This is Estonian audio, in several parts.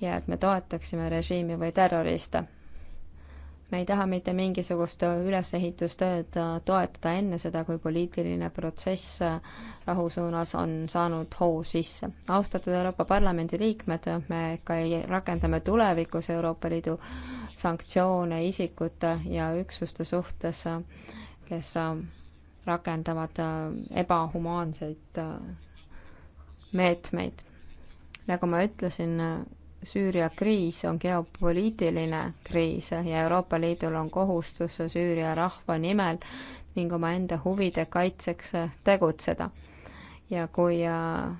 ja et me toetaksime režiimi või terroriste. me ei taha mitte mingisugust ülesehitustööd äh, toetada enne seda, kui poliitiline protsess äh, rahu suunas on saanud hoo sisse. austatud Euroopa Parlamendi liikmed, me ka rakendame tulevikus Euroopa Liidu sanktsioone isikute ja üksuste suhtes, äh, kes rakendavad ebahumaanseid meetmeid. nagu ma ütlesin, Süüria kriis on geopoliitiline kriis ja Euroopa Liidul on kohustus Süüria rahva nimel ning omaenda huvide kaitseks tegutseda. ja kui äh,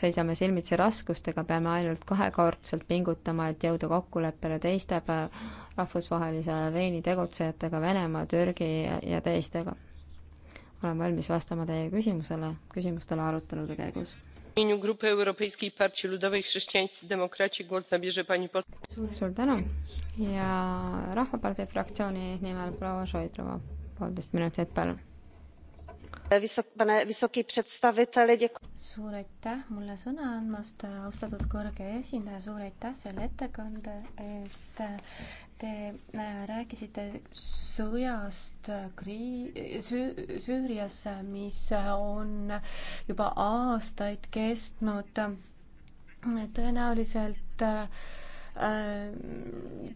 seisame silmitsi raskustega, peame ainult kahekordselt pingutama, et jõuda kokkuleppele teiste äh, rahvusvahelise areeni tegutsejatega, Venemaa, Türgi ja teistega. olen valmis vastama teie küsimusele, küsimustele arutelude käigus w imieniu grupy europejskiej partii ludowej chrześcijańscy demokraci głos zabierze pani poseł. suur tänu ja rahvapartei fraktsiooni nimel proua šojdrova poolteist minutit palun. pane vysoki představiteli. suur aitäh mulle sõna andmast, austatud kõrge esindaja, suur aitäh selle ettekande eest. Te äh, rääkisite sõjast äh, krii-, Süü-, Süürias, äh, mis on juba aastaid kestnud. tõenäoliselt äh,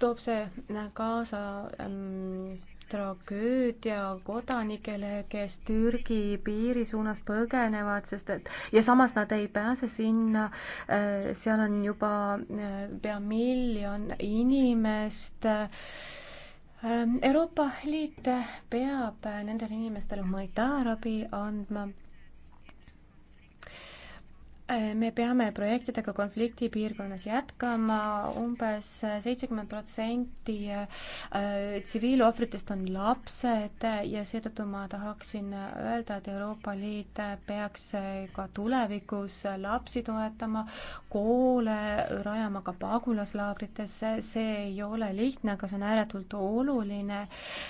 toob see kaasa ähm, tragöödia kodanikele, kes Türgi piiri suunas põgenevad, sest et ja samas nad ei pääse sinna, äh, seal on juba äh, pea miljon inimest. Äh, Euroopa Liit peab nendele inimestele humanitaarabi andma me peame projektidega konfliktipiirkonnas jätkama umbes, umbes seitsekümmend protsenti äh, tsiviilohvritest on lapsed ja seetõttu ma tahaksin öelda, et Euroopa Liit peaks ka tulevikus lapsi toetama, koole rajama ka pagulaslaagritesse, see ei ole lihtne, aga see on ääretult oluline.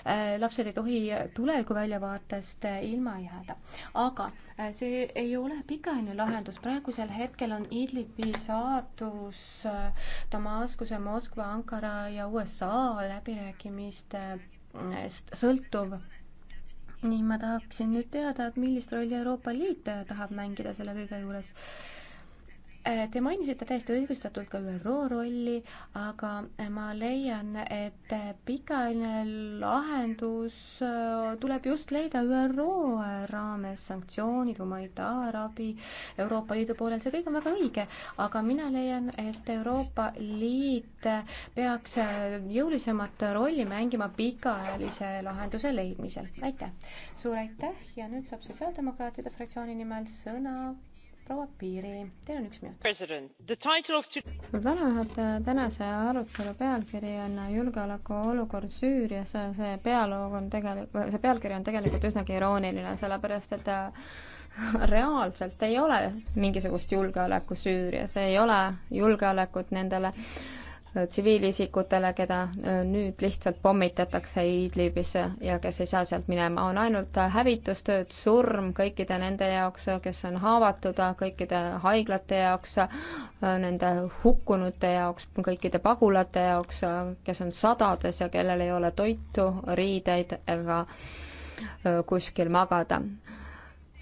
Äh, lapsed ei tohi tulevikuväljavaatest ilma jääda, aga Äh, see ei ole pikaajaline lahendus, praegusel hetkel on Idlibi saatus äh, Damaskuse, Moskva, Ankara ja USA läbirääkimistest sõltuv ning ma tahaksin nüüd teada, et millist rolli Euroopa Liit äh, tahab mängida selle kõige juures Te mainisite täiesti õigustatult ka ÜRO rolli, aga ma leian, et pikaajaline lahendus äh, tuleb just leida ÜRO raames, sanktsioonid, humanitaarabi Euroopa Liidu poolel, see kõik on väga õige, aga mina leian, et Euroopa Liit peaks jõulisemat rolli mängima pikaajalise lahenduse leidmisel. aitäh! suur aitäh ja nüüd saab Sotsiaaldemokraatide fraktsiooni nimel sõna proua Piiri, teil on üks minut. suur tänu, juhataja. tänase arutelu pealkiri on julgeolekuolukord Süürias. see pealoog on tegelikult, see pealkiri on tegelikult üsnagi irooniline, sellepärast et äh, reaalselt ei ole mingisugust julgeoleku Süürias, ei ole julgeolekut nendele äh, tsiviilisikutele, keda äh, nüüd lihtsalt pommitatakse Idlibis ja kes ei saa sealt minema, on ainult äh, hävitustööd, surm kõikide nende jaoks, äh, kes on haavatud, kõikide haiglate jaoks, nende hukkunute jaoks, kõikide pagulate jaoks, kes on sadades ja kellel ei ole toitu, riideid ega kuskil magada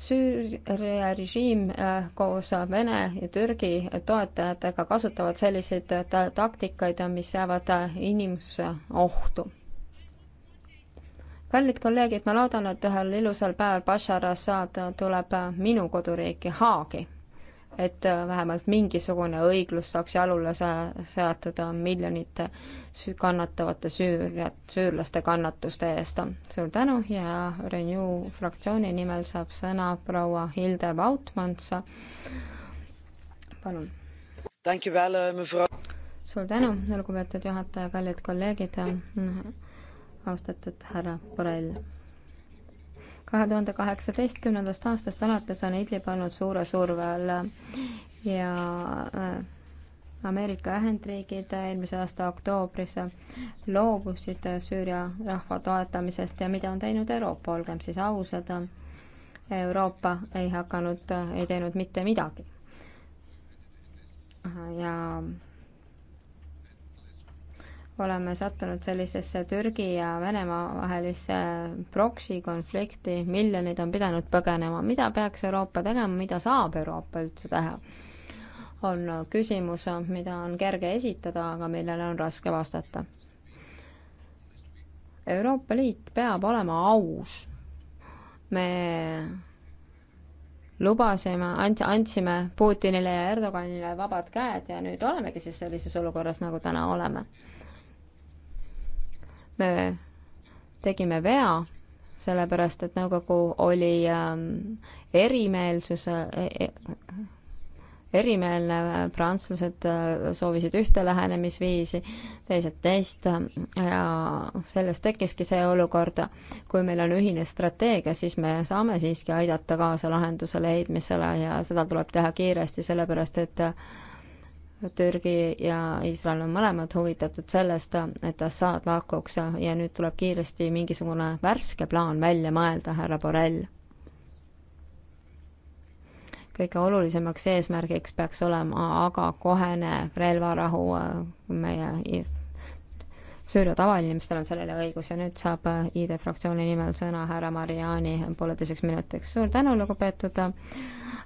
Süüria režiim äh, koos Vene ja Türgi toetajatega kasutavad selliseid taktikaid, mis jäävad äh, inimsuse ohtu kallid kolleegid, ma loodan, et ühel ilusal päeval Bashar Assad tuleb äh, minu koduriiki Haagi et äh, vähemalt mingisugune õiglus saaks jalule sa-, seatud miljonite süü-, kannatavate süür-, süürlaste kannatuste eest. suur tänu ja Renew fraktsiooni nimel saab sõna proua Hilde Vautmans, palun. suur tänu, lugupeetud juhataja, kallid kolleegid, austatud härra Borrell kahe tuhande kaheksateistkümnendast aastast alates on Idlib olnud suure surve all ja äh, Ameerika Ühendriigid eelmise aasta oktoobris loobusid Süüria rahva toetamisest ja mida on teinud Euroopa, olgem siis ausad, Euroopa ei hakanud, ei teinud mitte midagi. ja oleme sattunud sellisesse Türgi ja Venemaa vahelisse proksi konflikti, miljonid on pidanud põgenema, mida peaks Euroopa tegema, mida saab Euroopa üldse teha? on küsimus, mida on kerge esitada, aga millele on raske vastata. Euroopa Liit peab olema aus. me lubasime, ands-, andsime Putinile ja Erdoganile vabad käed ja nüüd olemegi siis sellises olukorras, nagu täna oleme me tegime vea, sellepärast et nõukogu oli ähm, erimeelsuse e, e, erimeelne, prantslased äh, soovisid ühte lähenemisviisi, teised teist ähm, ja sellest tekkiski see olukord. kui meil on ühine strateegia, siis me saame siiski aidata kaasa lahenduse leidmisele ja seda tuleb teha kiiresti, sellepärast et äh, Türgi ja Iisrael on mõlemad huvitatud sellest, et Assad lahkuks ja nüüd tuleb kiiresti mingisugune värske plaan välja mõelda, härra Borrell. kõige olulisemaks eesmärgiks peaks olema aga kohene relvarahu äh, meie Süüria tavainimestel on sellele õigus ja nüüd saab äh, ID fraktsiooni nimel sõna härra Mariani pooleteiseks minutiks. suur tänu, lugupeetud äh,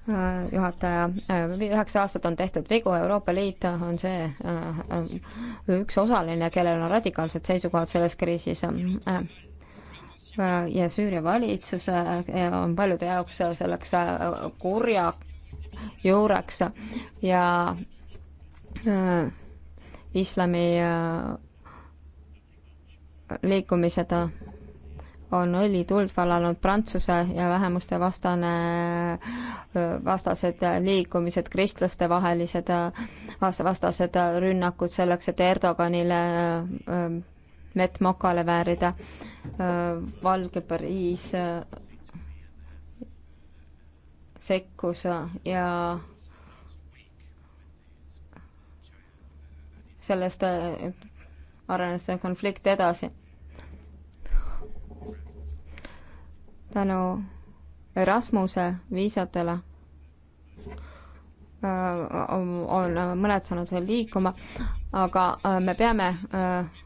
Äh, juhataja, äh, üheksa aastat on tehtud vigu, Euroopa Liit on see äh, üks osaline, kellel on radikaalsed seisukohad selles kriisis. ja Süüria valitsus on paljude jaoks selleks kurja juureks ja islami liikumised on õlituld vallanud Prantsuse ja vähemuste vastane, vastased liikumised, kristlaste vahelised vastased rünnakud selleks, et Erdoganile mett mokale väärida, Valge Pariis sekkus ja sellest arenes see konflikt edasi tänu Erasmuse viisadele äh, on mõned saanud veel liikuma, aga äh, me peame äh,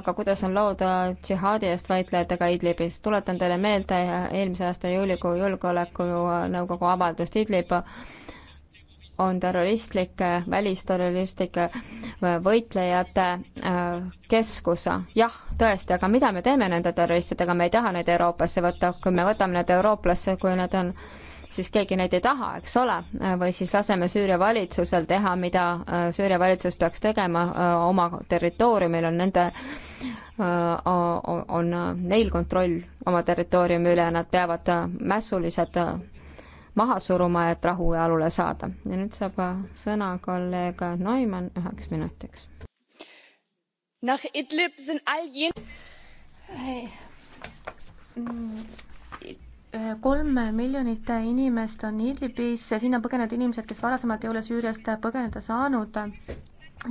aga kuidas on lood džihaadi eest väitlejatega Idlibis? tuletan teile meelde eelmise aasta juulikuu julgeolekunõukogu avaldust Idlib on terroristlike, välisterroristlike äh, võitlejate äh, keskus. jah, tõesti, aga mida me teeme nende terroristidega, me ei taha neid Euroopasse võtta, kui me võtame need eurooplasse, kui nad on siis keegi neid ei taha, eks ole, äh, või siis laseme Süüria valitsusel teha, mida Süüria valitsus peaks tegema oma territooriumil, on nende, on neil kontroll oma territooriumi üle, nad peavad mässulised maha suruma, et rahujalule saada. ja nüüd saab sõna kolleeg Neumann üheks minutiks. Nach Idlib sind all jen- hey.. Mm äh, kolm miljonit inimest on Idlibis, sinna põgenenud inimesed, kes varasemalt ei ole Süüriast põgeneda saanud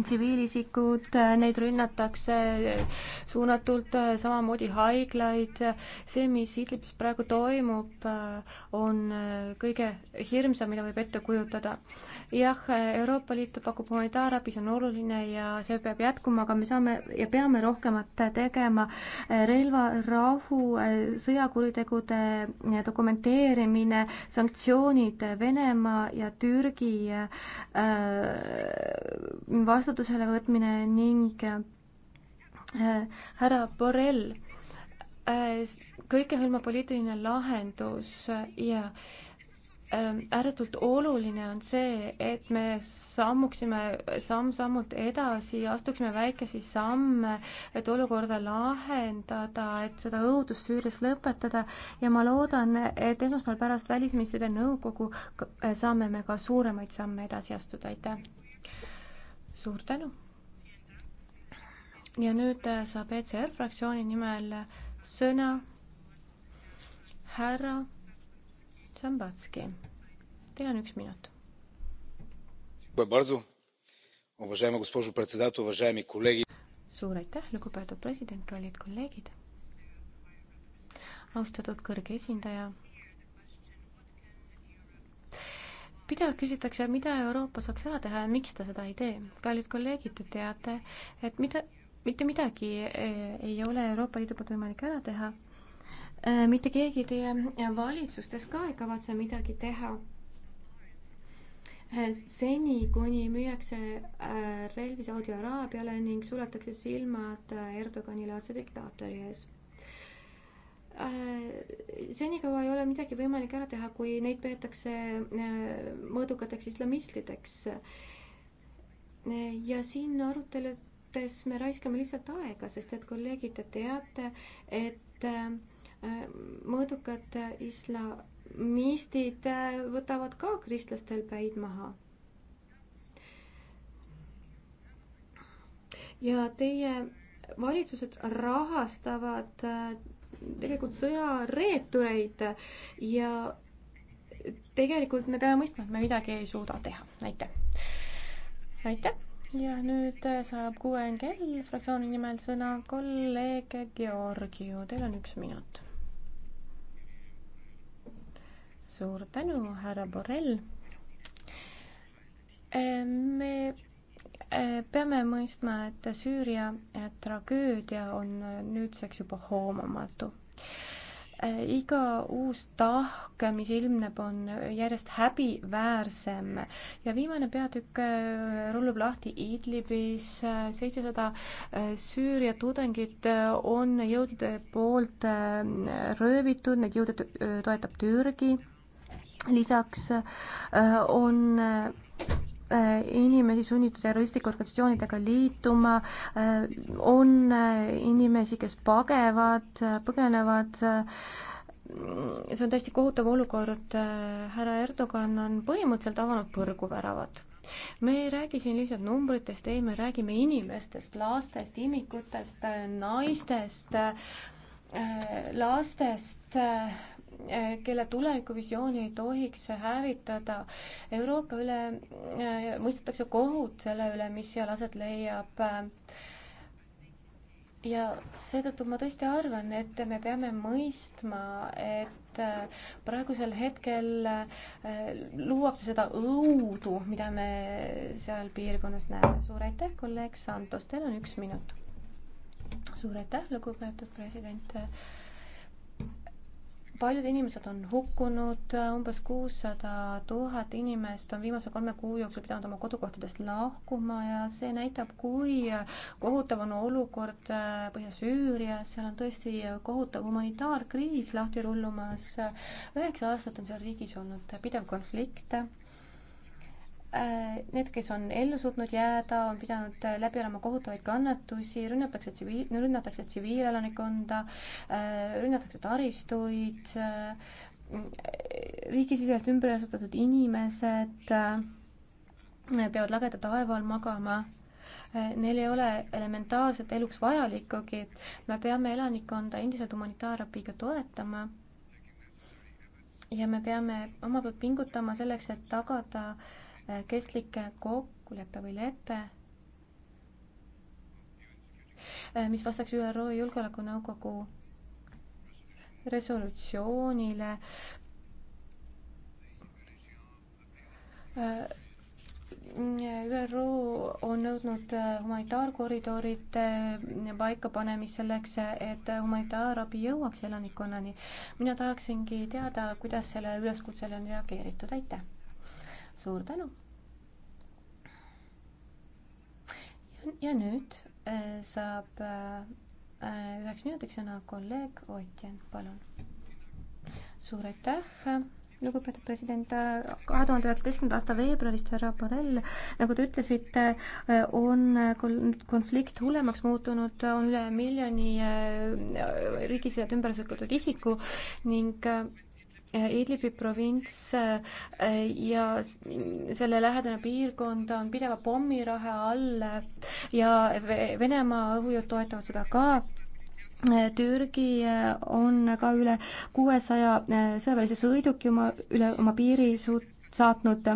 tsiviilisikud, neid rünnatakse suunatult, samamoodi haiglaid, see, mis Idlibis praegu toimub, on kõige hirmsam, mida võib ette kujutada. jah, Euroopa Liit pakub humanitaarabi, see on oluline ja see peab jätkuma, aga me saame ja peame rohkemat tegema. relvarahu, sõjakuritegude dokumenteerimine, sanktsioonid Venemaa ja Türgi äh, vastu, vastutusele võtmine ning äh, härra Borrell, äh, kõikehõlmav poliitiline lahendus ja ähm, ääretult oluline on see, et me sammuksime samm-sammult edasi, astuksime väikesi samme, et olukorda lahendada, et seda õudust Süürias lõpetada ja ma loodan, et esmaspäeval pärast välisministrite nõukogu äh, saame me ka suuremaid samme edasi astuda, aitäh! suur tänu. ja nüüd äh, saab ECR fraktsiooni nimel sõna härra Zambatski. Teil on üks minut. suur aitäh, lugupeetud president, kallid kolleegid. austatud kõrge esindaja pidevalt küsitakse, mida Euroopa saaks ära teha ja miks ta seda ei tee. kallid kolleegid, te teate, et mida, mitte midagi eh, ei ole Euroopa Liidu poolt võimalik ära teha. Eh, mitte keegi teie valitsustes ka ei kavatse midagi teha. Eh, seni, kuni müüakse relvi Saudi Araabiale ning suletakse silmad Erdogani laadse diktaatori ees Äh, senikaua ei ole midagi võimalik ära teha, kui neid peetakse äh, mõõdukateks islamistideks. ja siin aruteludes me raiskame lihtsalt aega, sest et kolleegid, te teate, et äh, mõõdukad islamistid võtavad ka kristlastel päid maha ja teie valitsused rahastavad tegelikult sõjareetureid ja tegelikult me peame mõistma, et me midagi ei suuda teha. aitäh! aitäh! ja nüüd äh, saab QNGL fraktsiooni nimel sõna kolleeg Georgiu, teil on üks minut. suur tänu, härra Borrell. Äh, me Eh, peame mõistma, et Süüria eh, tragöödia on eh, nüüdseks juba hoomamatu. iga uus tahk, mis ilmneb, on järjest häbiväärsem ja viimane peatükk rullub lahti Idlibis. seitsesada Süüria tudengit on jõudude poolt röövitud, neid jõude toetab Türgi lisaks on Äh, inimesi sunnitud terroristlike organisatsioonidega liituma, äh, on äh, inimesi, kes pagevad, põgenevad, see on täiesti kohutav olukord, härra Erdogan on põhimõtteliselt avanud põrguväravat me ei räägi siin lihtsalt numbritest, ei, me räägime inimestest, lastest, imikutest, naistest, lastest, kelle tulevikuvisiooni ei tohiks hävitada. Euroopa üle äh, mõistetakse kohut selle üle, mis seal aset leiab. ja seetõttu ma tõesti arvan, et me peame mõistma, et äh, praegusel hetkel äh, luuakse seda õudu, mida me seal piirkonnas näeme. suur aitäh, kolleeg Santos, teil on üks minut. suur aitäh, lugupeetud president paljud inimesed on hukkunud, umbes kuussada tuhat inimest on viimase kolme kuu jooksul pidanud oma kodukohtadest lahkuma ja see näitab, kui kohutav on olukord äh, Põhja-Süürias, seal on tõesti kohutav humanitaarkriis lahti rullumas. üheksa aastat on seal riigis olnud pidev konflikt Äh, need, kes on ellu suutnud jääda, on pidanud äh, läbi olema kohutavaid kannatusi, rünnatakse tsiviil, rünnatakse tsiviilelanikkonda, äh, rünnatakse taristuid, riigisiseselt ümber asutatud inimesed peavad lageda taeva all magama neil ei ole elementaarset eluks vajalikugi, et me peame elanikkonda endiselt humanitaarabiga toetama. ja me peame omalt poolt pingutama selleks, et tagada äh, Äh, kestlik äh, kokkulepe või lepe, äh, mis vastaks ÜRO Julgeolekunõukogu resolutsioonile ÜRO on nõudnud humanitaarkoridoride paikapanemist selleks, et humanitaarabi jõuaks elanikkonnani. mina tahaksingi teada, kuidas sellele üleskutsele on reageeritud, aitäh! suur tänu. ja nüüd äh, saab äh, äh, üheks minutiks sõna kolleeg Otjen, palun. suur aitäh lugupeetud president, kahe tuhande üheksateistkümnenda aasta veebruarist härra Borrell, nagu te ütlesite, on konflikt hullemaks muutunud, on üle miljoni riigis ümber sõltunud isiku ning Idlibi provints äh, ja selle lähedane piirkond on pideva pommirahe all ja Venemaa õhujõud toetavad seda ka. Türgi äh, on ka üle kuuesaja äh, sõjaväelise sõiduki oma, üle oma piiri suut-, saatnud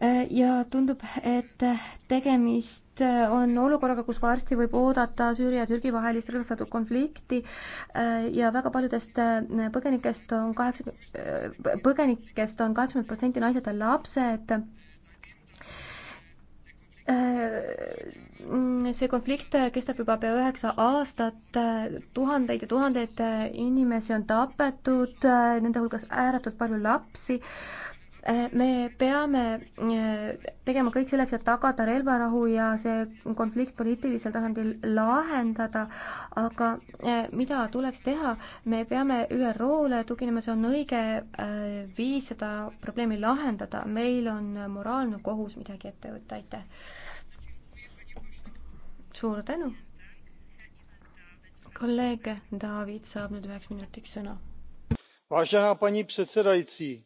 Äh, ja tundub, et tegemist äh, on olukorraga, kus varsti võib oodata Süüria ja Türgi vahelist relvastatud konflikti äh, ja väga paljudest põgenikest on kaheksa, põgenikest on kaheksakümmend protsenti naised ja lapsed see konflikt kestab juba pea üheksa aastat, tuhandeid ja tuhandeid inimesi on tapetud, nende hulgas ääretult palju lapsi Äh, me peame äh, tegema kõik selleks, et tagada relvarahu ja see konflikt poliitilisel tasandil lahendada, aga äh, mida tuleks teha, me peame ÜRO-le tuginema, see on õige viis seda probleemi lahendada, meil on moraalne kohus midagi ette võtta, aitäh. suur tänu. kolleeg David saab nüüd üheks minutiks sõna. Vážená paní předsedající,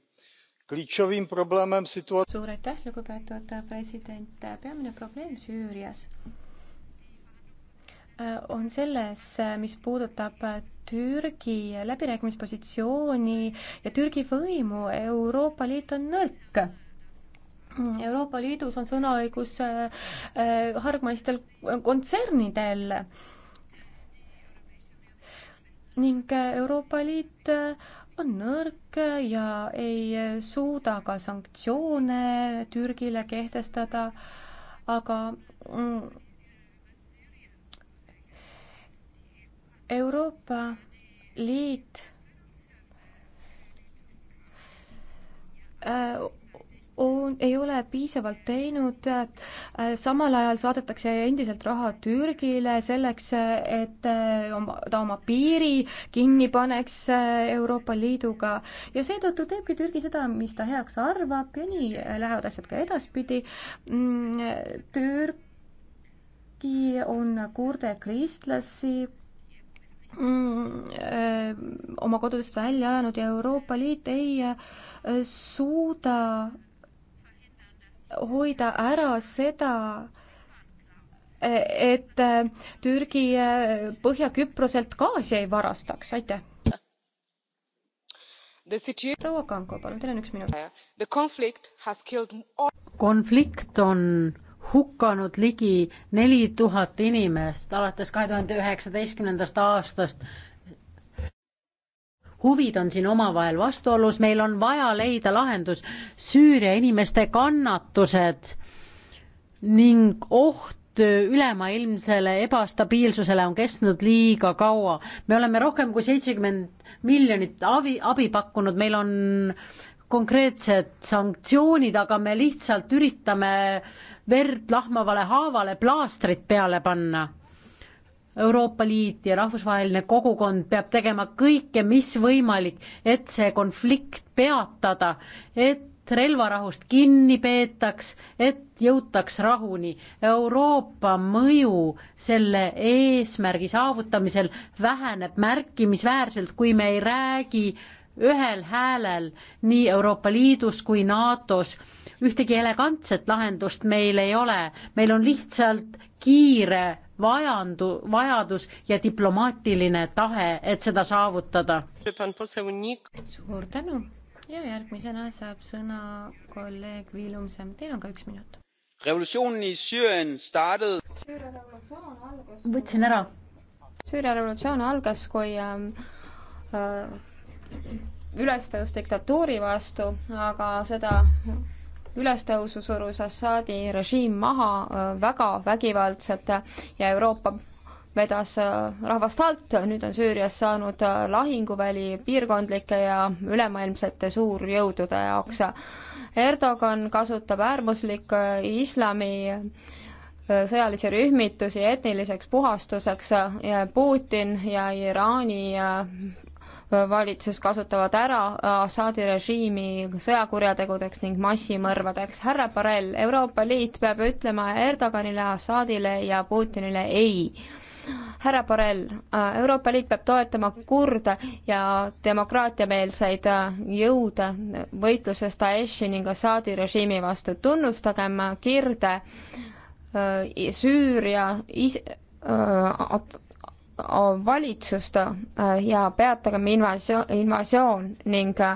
suur aitäh, lugupeetud president. peamine probleem Süürias äh, on selles, mis puudutab Türgi läbirääkimispositsiooni ja Türgi võimu. Euroopa Liit on nõrk. Euroopa Liidus on sõnaõigus äh, hargmaistel kontsernidel ning Euroopa Liit on nõrk ja ei suuda ka sanktsioone Türgile kehtestada, aga mm, Euroopa Liit äh, on, ei ole piisavalt teinud, äh, samal ajal saadetakse endiselt raha Türgile selleks, äh, et äh, ta oma piiri kinni paneks Euroopa Liiduga ja seetõttu teebki Türgi seda, mis ta heaks arvab ja nii lähevad asjad ka edaspidi. Mm, Türgi on kurde kristlasi mm, oma kodudest välja ajanud ja Euroopa Liit ei suuda hoida ära seda, et Türgi Põhja-Küproselt gaasi ei varastaks, aitäh. proua Kanko, palun, teil on üks minut. konflikt on hukkanud ligi neli tuhat inimest alates kahe tuhande üheksateistkümnendast aastast huvid on siin omavahel vastuolus, meil on vaja leida lahendus. Süüria inimeste kannatused ning oht ülemaailmsele ebastabiilsusele on kestnud liiga kaua. me oleme rohkem kui seitsekümmend miljonit abi, abi pakkunud, meil on konkreetsed sanktsioonid, aga me lihtsalt üritame verd lahmavale haavale plaastrit peale panna Euroopa Liit ja rahvusvaheline kogukond peab tegema kõike, mis võimalik, et see konflikt peatada, et relvarahust kinni peetaks, et jõutaks rahuni. Euroopa mõju selle eesmärgi saavutamisel väheneb märkimisväärselt, kui me ei räägi ühel häälel nii Euroopa Liidus kui NATO-s. ühtegi elegantset lahendust meil ei ole, meil on lihtsalt kiire vajandu, vajadus ja diplomaatiline tahe, et seda saavutada. suur tänu ja järgmisena saab sõna kolleeg Villumsen, teil on ka üks minut. võtsin ära. Süüria revolutsioon algas, kui ähm, äh, üles tõus diktatuuri vastu, aga seda ülestõusu surus Assaadi režiim maha äh, väga vägivaldselt ja Euroopa vedas äh, rahvast alt, nüüd on Süürias saanud äh, lahinguväli piirkondlike ja ülemaailmsete suurjõudude jaoks. Erdogan kasutab äärmuslikku islami sõjalisi rühmitusi etniliseks puhastuseks ja Putin ja Iraani valitsus kasutavad ära Assaadi režiimi sõjakurjategudeks ning massimõrvadeks. härra Borrell, Euroopa Liit peab ütlema Erdoganile, Assaadile ja Putinile ei. härra Borrell, Euroopa Liit peab toetama kurde ja demokraatiameelseid jõude võitluses Daeshi ning Assaadi režiimi vastu. tunnustagem kirde Süüria is-, valitsust äh, ja peatagem invasioon, invasioon ning äh,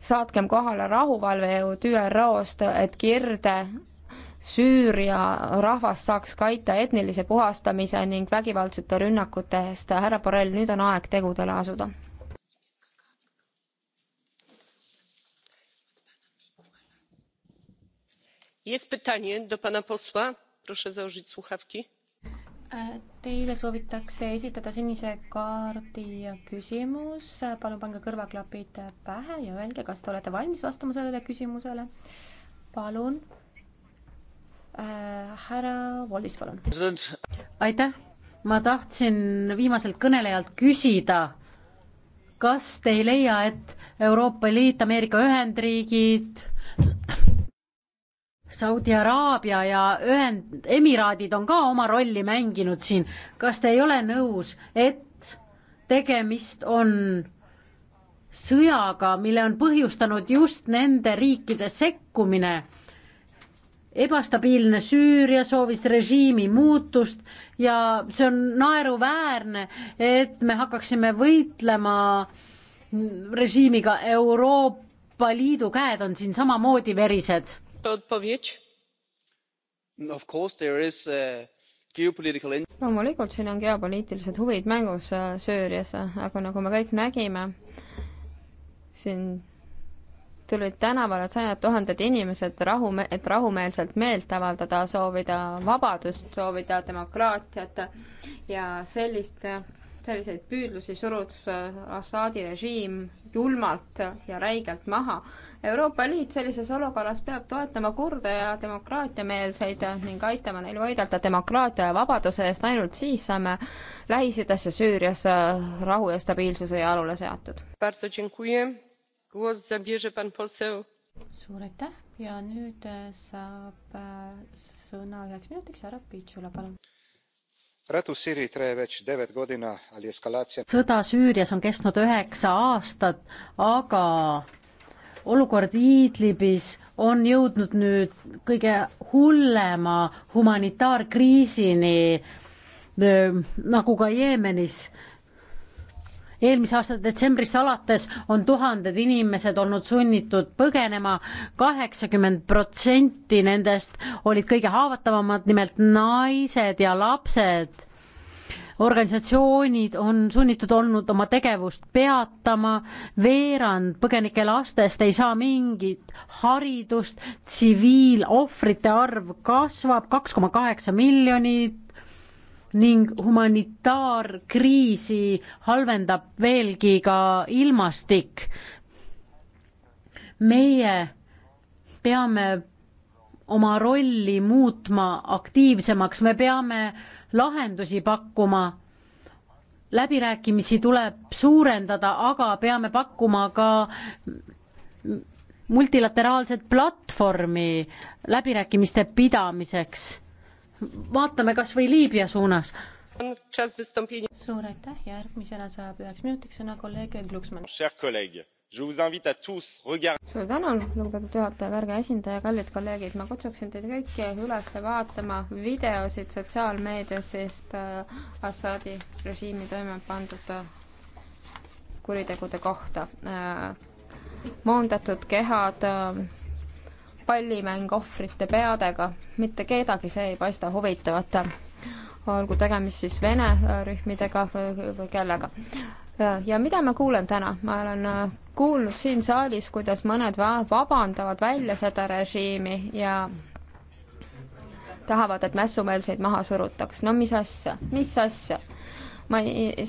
saatkem kohale rahuvalvejõud ÜRO-st, et Kirde Süüria rahvas saaks kaita etnilise puhastamise ning vägivaldsete rünnakute eest. härra Borrell, nüüd on aeg tegudele asuda. Jest pytanie do pana posła. Proszę założyć słuchawki. Teile soovitakse esitada sinise kaardi küsimus. palun pange kõrvaklapid pähe ja öelge, kas te olete valmis vastama sellele küsimusele. palun äh,. härra Wallis, palun. aitäh, ma tahtsin viimaselt kõnelejalt küsida, kas te ei leia, et Euroopa Liit, Ameerika Ühendriigid Saudi Araabia ja Ühend-, Emiraadid on ka oma rolli mänginud siin. kas te ei ole nõus, et tegemist on sõjaga, mille on põhjustanud just nende riikide sekkumine. ebastabiilne Süüria soovis režiimi muutust ja see on naeruväärne, et me hakkaksime võitlema režiimiga, Euroopa Liidu käed on siin samamoodi verised. Uh, loomulikult siin on geopoliitilised huvid mängus äh, Süürias, äh, aga nagu me kõik nägime, siin tulid tänavale sajad tuhanded inimesed rahu, et rahumeelselt meelt avaldada, soovida vabadust, soovida demokraatiat ja sellist äh, selliseid püüdlusi surus äh, Assaadi režiim julmalt ja räigelt maha. Euroopa Liit sellises olukorras peab toetama kurde ja demokraatiameelseid ning aitama neil võidelda demokraatia ja vabaduse eest, ainult siis saame Lähis-Idas ja Süürias rahu ja stabiilsuse jalule seatud. suur aitäh ja nüüd äh, saab äh, sõna üheks minutiks härra Pitsula, palun sõda Süürias on kestnud üheksa aastat, aga olukord Idlibis on jõudnud nüüd kõige hullema humanitaarkriisini nagu ka Jeemenis eelmise aasta detsembrist alates on tuhanded inimesed olnud sunnitud põgenema, kaheksakümmend protsenti nendest olid kõige haavatavamad, nimelt naised ja lapsed organisatsioonid on sunnitud olnud oma tegevust peatama, veerand põgenike lastest ei saa mingit haridust, tsiviilohvrite arv kasvab kaks koma kaheksa miljonit, ning humanitaarkriisi halvendab veelgi ka ilmastik. meie peame oma rolli muutma aktiivsemaks, me peame lahendusi pakkuma läbirääkimisi tuleb suurendada, aga peame pakkuma ka multilateraalset platvormi läbirääkimiste pidamiseks vaatame kas või Liibüa suunas. suur aitäh, järgmisena saab üheks minutiks sõna kolleeg Glucksmann. suur tänu, lugupeetud juhataja, kõrge esindaja, kallid kolleegid, ma kutsuksin teid kõiki üles vaatama videosid sotsiaalmeedias, sest äh, Assaadi režiimi toime pandud äh, kuritegude kohta. Äh, moondatud kehad pallimäng ohvrite peadega, mitte kedagi see ei paista huvitavat. olgu tegemist siis vene äh, rühmidega või kellega. Äh, ja mida ma kuulen täna, ma olen äh, kuulnud siin saalis, kuidas mõned vabandavad välja seda režiimi ja tahavad, et mässumeelseid maha surutaks. no mis asja, mis asja? ma ei,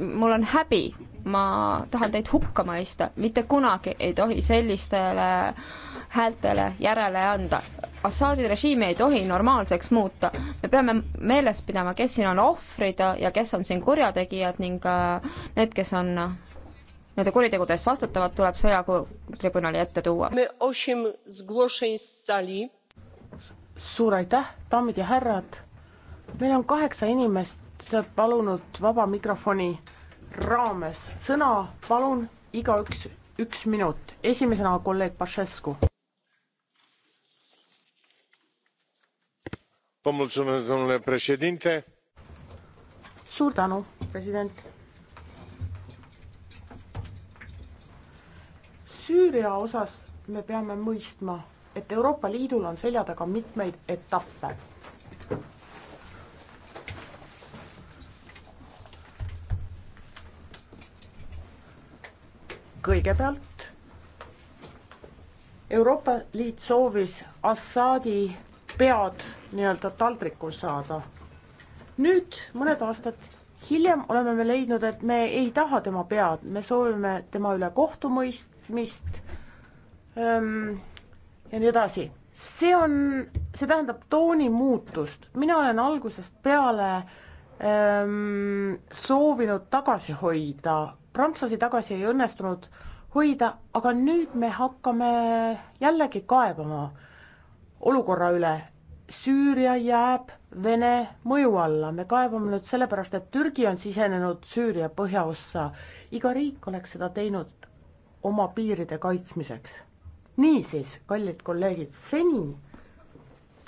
mul on häbi, ma tahan teid hukka mõista, mitte kunagi ei tohi sellistele äh, häältele järele anda. Assaadi režiimi ei tohi normaalseks muuta. me peame meeles pidama, kes siin on ohvrid ja kes on siin kurjategijad ning äh, need, kes on äh, nende kuritegude eest vastutavad, tuleb sõjatribunali ette tuua. suur aitäh, daamid ja härrad. meil on kaheksa inimest palunud vaba mikrofoni raames sõna, palun igaüks üks minut, esimesena kolleeg Pašescu. domnule președinte suur tänu president süüria osas me peame mõistma et euroopa liidul on selja taga mitmeid etappe kõigepealt euroopa liit soovis assaadi pead nii-öelda taldrikul saada. nüüd mõned aastad hiljem oleme me leidnud, et me ei taha tema pead, me soovime tema üle kohtumõistmist ähm, ja nii edasi. see on, see tähendab tooni muutust, mina olen algusest peale ähm, soovinud tagasi hoida, prantslasi tagasi ei õnnestunud hoida, aga nüüd me hakkame jällegi kaebama äh, olukorra üle. Süüria jääb Vene mõju alla, me kaevame nüüd sellepärast, et Türgi on sisenenud Süüria põhjaossa. iga riik oleks seda teinud oma piiride kaitsmiseks. niisiis, kallid kolleegid, seni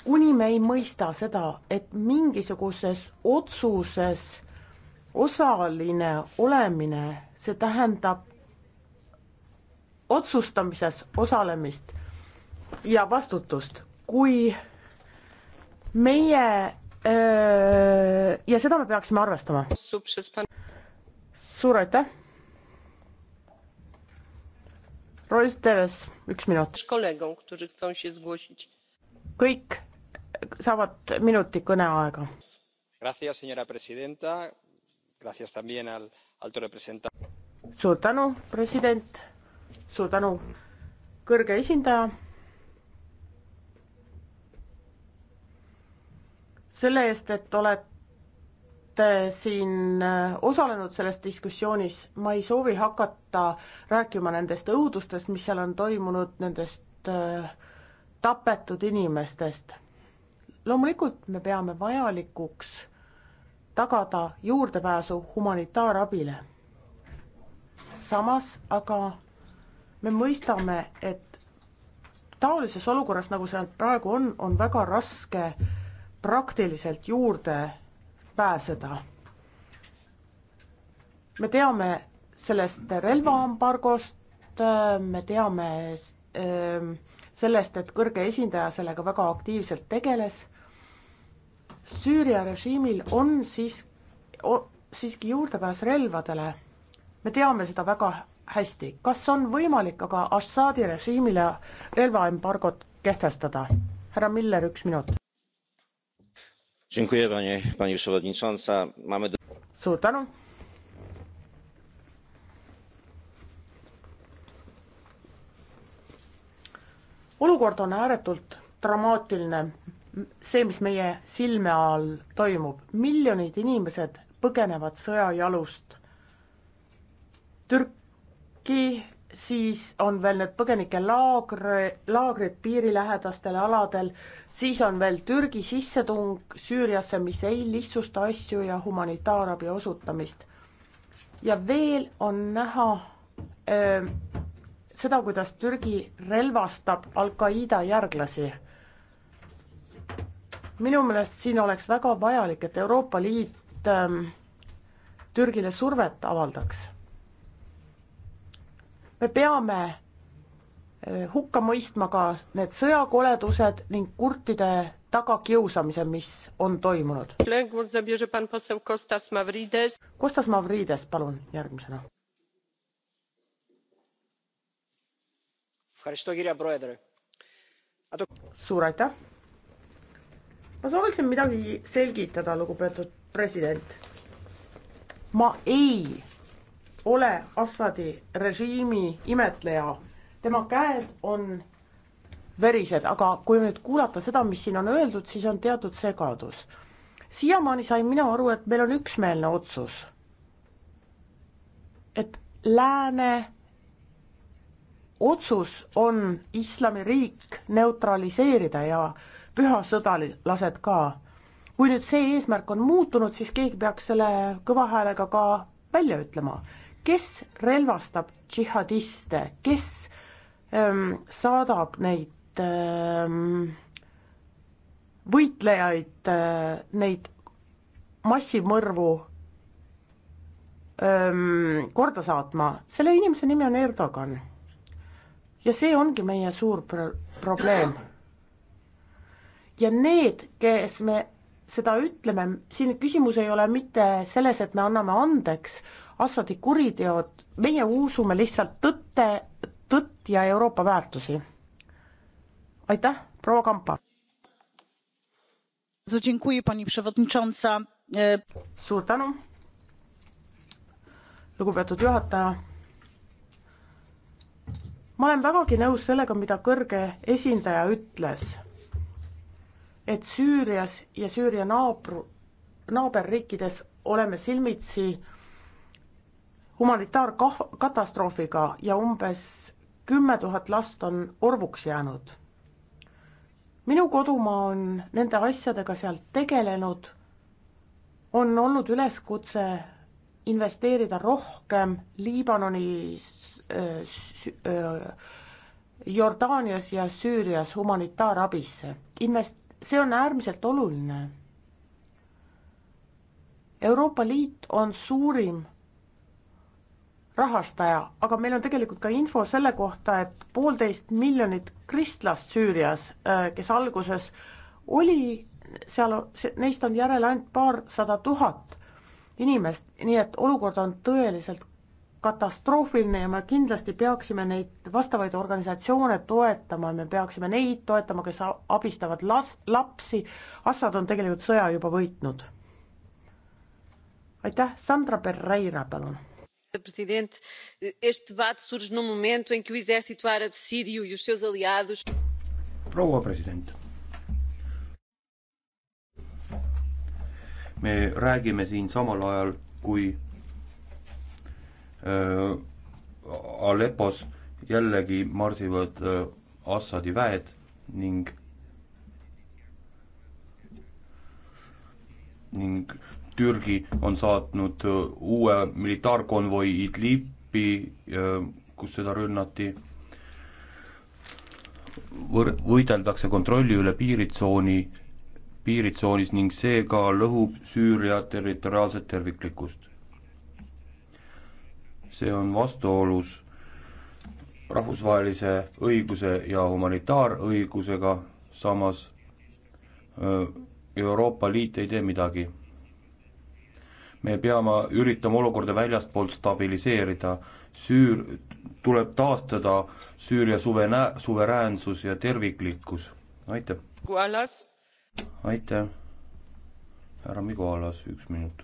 kuni me ei mõista seda, et mingisuguses otsuses osaline olemine, see tähendab otsustamises osalemist ja vastutust kui meie öö, ja seda me peaksime arvestama. suur aitäh. Rolls Teles, üks minut. kõik saavad minuti kõneaega. suur tänu, president, suur tänu, kõrge esindaja selle eest, et olete siin äh, osalenud selles diskussioonis, ma ei soovi hakata rääkima nendest õudustest, mis seal on toimunud, nendest äh, tapetud inimestest. loomulikult me peame vajalikuks tagada juurdepääsu humanitaarabile. samas aga me mõistame, et taolises olukorras, nagu see praegu on, on väga raske äh, praktiliselt juurde pääseda. me teame sellest relvaembargost, me teame ähm, sellest, et kõrge esindaja sellega väga aktiivselt tegeles. Süüria režiimil on siis, siiski juurdepääs relvadele. me teame seda väga hästi, kas on võimalik aga Assaadi režiimile relvaembargot kehtestada? härra Miller, üks minut suur tänu. olukord on ääretult dramaatiline, see, mis meie silme all toimub, miljonid inimesed põgenevad sõja jalust. Türki siis on veel need põgenikelaagre, laagrid piirilähedastel aladel, siis on veel Türgi sissetung Süüriasse, mis ei lihtsusta asju ja humanitaarabi osutamist. ja veel on näha öö, ähm, seda, kuidas Türgi relvastab Al-Qaeda järglasi. minu meelest siin oleks väga vajalik, et Euroopa Liit öö, ähm, Türgile survet avaldaks me peame eh, hukka mõistma ka need sõjakoledused ning kurtide tagakiusamise, mis on toimunud. Kostas Mavrides, palun järgmisena. suur aitäh. ma sooviksin midagi selgitada, lugupeetud president. ma ei ole Assadi režiimi imetleja. tema käed on verised, aga kui nüüd kuulata seda, mis siin on öeldud, siis on teatud segadus. siiamaani sain mina aru, et meil on üksmeelne otsus, et lääne otsus on islamiriik neutraliseerida ja pühasõdalased ka. kui nüüd see eesmärk on muutunud, siis keegi peaks selle kõva häälega ka välja ütlema kes relvastab džihadiste, kes ähm, saadab neid ähm, võitlejaid äh,, neid massimõrvu ähm, korda saatma, selle inimese nimi on Erdogan. ja see ongi meie suur pro probleem. ja need, kes me seda ütleme, siin küsimus ei ole mitte selles, et me anname andeks, Assadi kuriteod, meie usume lihtsalt tõtte, tõtt ja Euroopa väärtusi. aitäh, proua Kampa. E, suur tänu, lugupeetud juhataja. ma olen vägagi nõus sellega, mida kõrge esindaja ütles, et Süürias ja Süüria naabr, naaberriikides oleme silmitsi humanitaarkatastroofiga ja umbes kümme tuhat last on orvuks jäänud. minu kodumaa on nende asjadega sealt tegelenud, on olnud üleskutse investeerida rohkem Liibanonis äh,, Jordaanias ja Süürias humanitaarabisse. Invest-, see on äärmiselt oluline. Euroopa Liit on suurim rahastaja, aga meil on tegelikult ka info selle kohta, et poolteist miljonit kristlast Süürias, äh, kes alguses oli seal, neist on järele ainult paarsada tuhat inimest, nii et olukord on tõeliselt katastroofiline ja me kindlasti peaksime neid vastavaid organisatsioone toetama, me peaksime neid toetama, kes abistavad las-, lapsi, Assad on tegelikult sõja juba võitnud. aitäh, Sandra Pereira, palun senhor presidente este debate surge num momento em que o exército árabe sírio e os seus aliados. proua president. me räägime siin samal ajal, kui äh, Aleppos jällegi marsivad äh, Assadi väed ning ning Türgi on saatnud äh, uue militaarkonvoi Idlibi, äh, kus seda rünnati, võr-, võideldakse kontrolli üle piiritsooni, piiritsoonis ning see ka lõhub Süüria territoriaalset terviklikkust. see on vastuolus rahvusvahelise õiguse ja humanitaarõigusega, samas äh, Euroopa Liit ei tee midagi me peame üritama olukorda väljaspoolt stabiliseerida, Süür-, tuleb taastada Süüria suverää-, suveräänsus ja terviklikkus, aitäh. aitäh. härra Migo Allas, üks minut.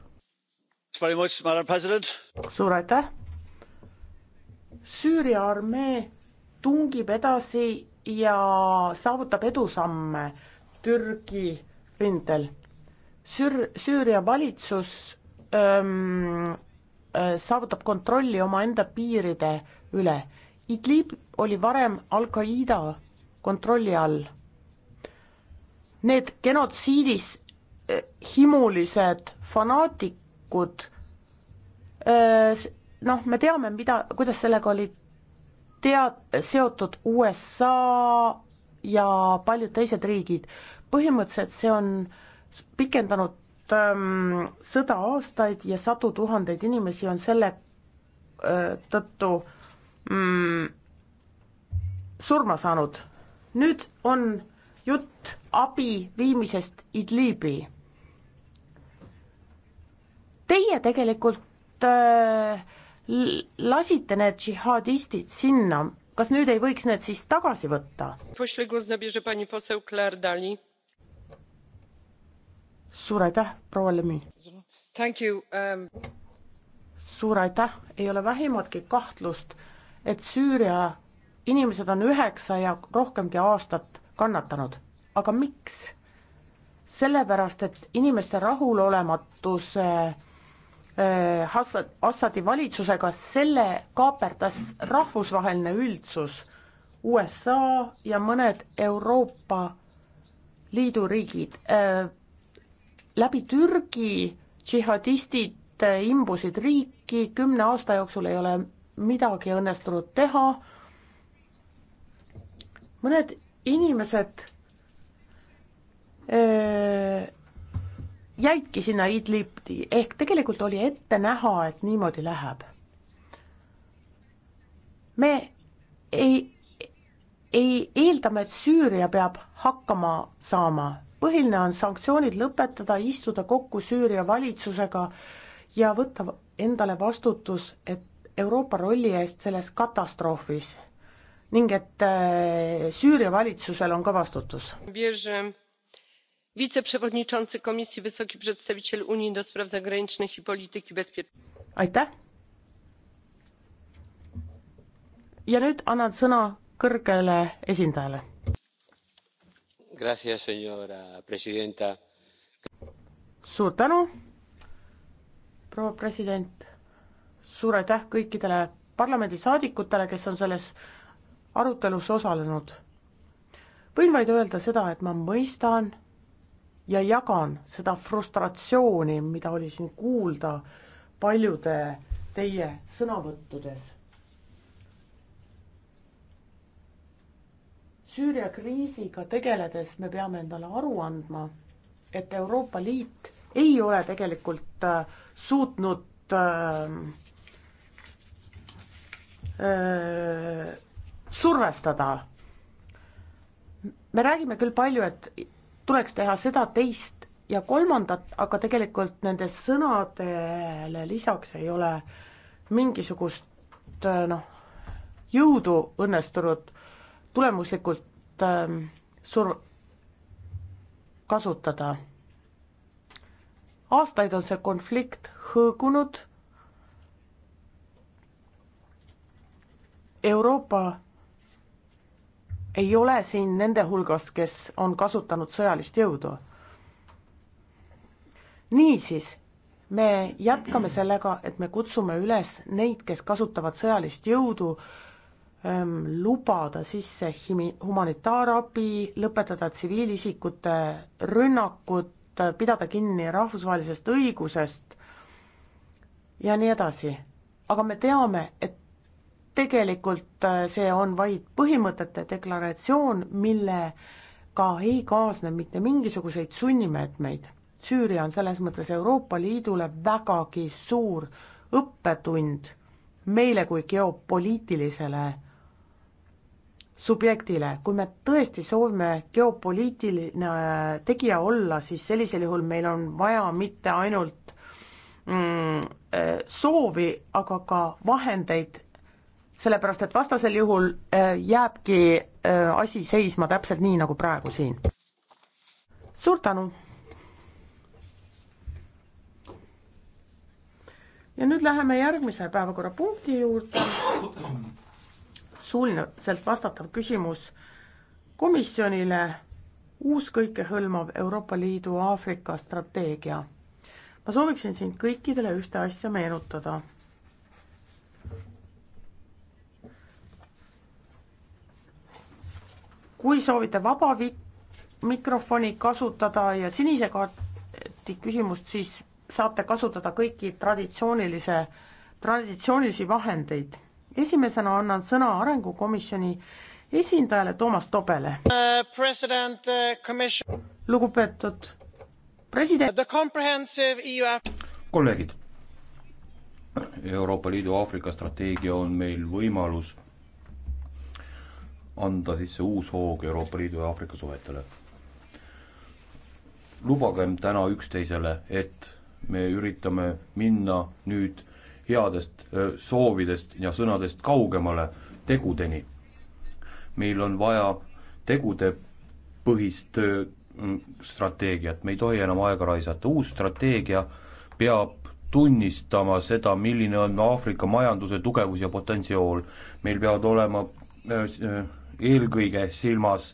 suur aitäh. Süüria armee tungib edasi ja saavutab edusamme Türgi rindel. Sür-, Süüria valitsus öö, ähm, äh, saavutab kontrolli omaenda piiride üle. Idlib oli varem Al-Qaeda kontrolli all. Need genotsiidis äh, himulised fanaatikud, äh, noh, me teame, mida, kuidas sellega oli tea-, seotud USA ja paljud teised riigid. põhimõtteliselt see on pikendanud ähm, sõda aastaid ja sadu tuhandeid inimesi on selle äh, tõttu mm, surma saanud. nüüd on jutt abi viimisest Idlibi. Teie tegelikult äh, lasite need džihadistid sinna, kas nüüd ei võiks need siis tagasi võtta? suur aitäh, proua Lemmi! Um... suur aitäh, ei ole vähimatki kahtlust, et Süüria inimesed on üheksa ja rohkemgi aastat kannatanud, aga miks? sellepärast, et inimeste rahulolematuse äh, eh, Assad, Assadi valitsusega, selle kaaperdas rahvusvaheline üldsus, USA ja mõned Euroopa Liidu riigid äh, läbi Türgi džihadistid imbusid riiki, kümne aasta jooksul ei ole midagi õnnestunud teha. mõned inimesed öö, jäidki sinna Idlibti, ehk tegelikult oli ette näha, et niimoodi läheb. me ei, ei eeldame, et Süüria peab hakkama saama põhiline on sanktsioonid lõpetada, istuda kokku Süüria valitsusega ja võtta endale vastutus, et Euroopa rolli eest selles katastroofis ning et äh, Süüria valitsusel on ka vastutus. aitäh. ja nüüd annan sõna kõrgele esindajale suur tänu, proua president, suur aitäh kõikidele parlamendisaadikutele, kes on selles arutelus osalenud. võin vaid öelda seda, et ma mõistan ja jagan seda frustratsiooni, mida oli siin kuulda paljude teie sõnavõttudes Süüria kriisiga tegeledes me peame endale aru andma, et Euroopa Liit ei ole tegelikult äh, suutnud äh, äh, survestada. me räägime küll palju, et tuleks teha seda, teist ja kolmandat, aga tegelikult nende sõnadele lisaks ei ole mingisugust äh, noh, jõudu õnnestunud tulemuslikult äh, sur-, kasutada. aastaid on see konflikt hõõgunud. Euroopa ei ole siin nende hulgas, kes on kasutanud sõjalist jõudu. niisiis, me jätkame sellega, et me kutsume üles neid, kes kasutavad sõjalist jõudu äh, ähm, lubada sisse himi-, humanitaarabi, lõpetada tsiviilisikute rünnakud, pidada kinni rahvusvahelisest õigusest ja nii edasi. aga me teame, et tegelikult äh, see on vaid põhimõtete deklaratsioon, millega ei kaasne mitte mingisuguseid sunnimeetmeid. Süüria on selles mõttes Euroopa Liidule vägagi suur õppetund meile kui geopoliitilisele subjektile, kui me tõesti soovime geopoliitiline tegija olla, siis sellisel juhul meil on vaja mitte ainult mm, äh, soovi, aga ka vahendeid, sellepärast et vastasel juhul äh, jääbki äh, asi seisma täpselt nii, nagu praegu siin. suur tänu! ja nüüd läheme järgmise päevakorrapunkti juurde suuliselt vastatav küsimus komisjonile, uus kõikehõlmav Euroopa Liidu Aafrika strateegia. ma sooviksin siin kõikidele ühte asja meenutada. kui soovite vaba mikrofoni kasutada ja sinise kaarti küsimust, siis saate kasutada kõiki traditsioonilise, traditsioonilisi vahendeid esimesena annan sõna Arengukomisjoni esindajale Toomas Tobele uh,. uh lugupeetud president. E kolleegid, Euroopa Liidu Aafrika strateegia on meil võimalus anda sisse uus hoog Euroopa Liidu ja Aafrika suhetele. lubagem täna üksteisele, et me üritame minna nüüd headest soovidest ja sõnadest kaugemale tegudeni. meil on vaja tegudepõhist strateegiat, me ei tohi enam aega raisata, uus strateegia peab tunnistama seda, milline on Aafrika majanduse tugevus ja potentsiool. meil peavad olema eelkõige silmas,